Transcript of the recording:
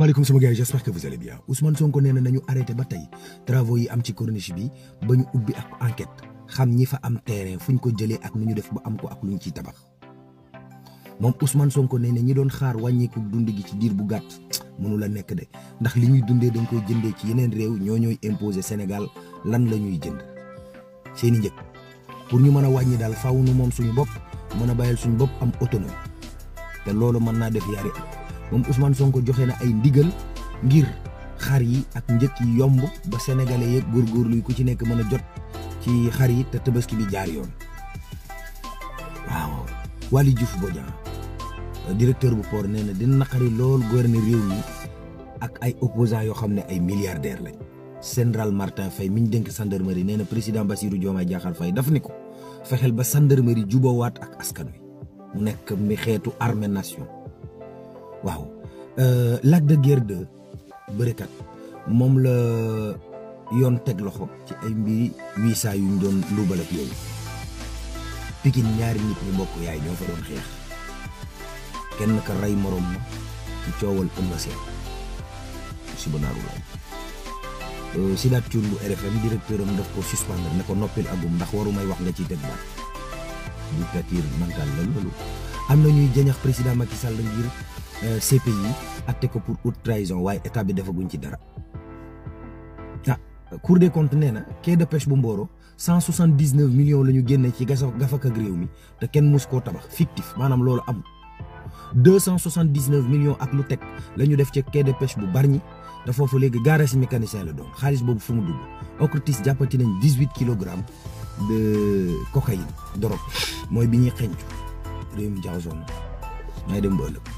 gars j'espère que vous allez bien Ousmane Sonko nena nañu arrêté ba tay travaux yi am ci corniche bi ak enquête xam am terrain ko un ak def am ko Ousmane Sonko ñi doon xaar ko dund gi ci bu mënu la nekk de ndax li ñuy dundé dañ koy ci réew Sénégal lan la jënd seeni pour ñu a dal faawu suñu am te loolu mëna mom Ousmane Sonko joxe na ay ndigal ngir xar yi ak ñeek yi yomb ba sénégalais gor gor luy ku ci nekk mëna jot ci xar yi te tebeski bi jaar yoon waaw wali Diouf Bodian directeur bu port nee na dina naqari lool gouverneur réew mi ak ay opposants yo ay milliardaires lañ central Martin fay miñ ñu gendarmerie nee na président basirou Diomaye Diakhar fay daf ni ko fexeel ba gendarmerie wat ak askan wi mu nekk mi xétu armée nation waaw euh, Lac de Guiers moom la yoon teg loxo ci ay mbiri wiisaa yu ñu doon luubal ak yooyu Pikine ñaari nit ñu mbokk yaay ñoo fa doon xeex kenn ka rey moroom ma ci coowal ëm na seen Sidaat Thioune bu RFM directeur am daf ko suspendre ne ko noppil agum ndax waru wax nga ciy teg baat dictature mentale la loolu am na ñuy jëñax président Macky Sall ngir euh, CPI atte ko pour haute trahison waaye état bi defaguñ ci dara ah Cour des comptes na quai de pêche bu Mboro 179 millions la ñu génne ci gafak ak réew mi te kenn mus koo tabax fictif maanaam loolu amul 279 millions ak lu teg lañu ñu def ci quai de pêche bu Bargny te foofu léegi garage mécanicien la doon xaalis boobu fu mu dugg OCRTIS jàppati nañ 18 kilogrammes de cocaïne drogue mooy bi ñuy xencu réew mi jaxasoo na ñooy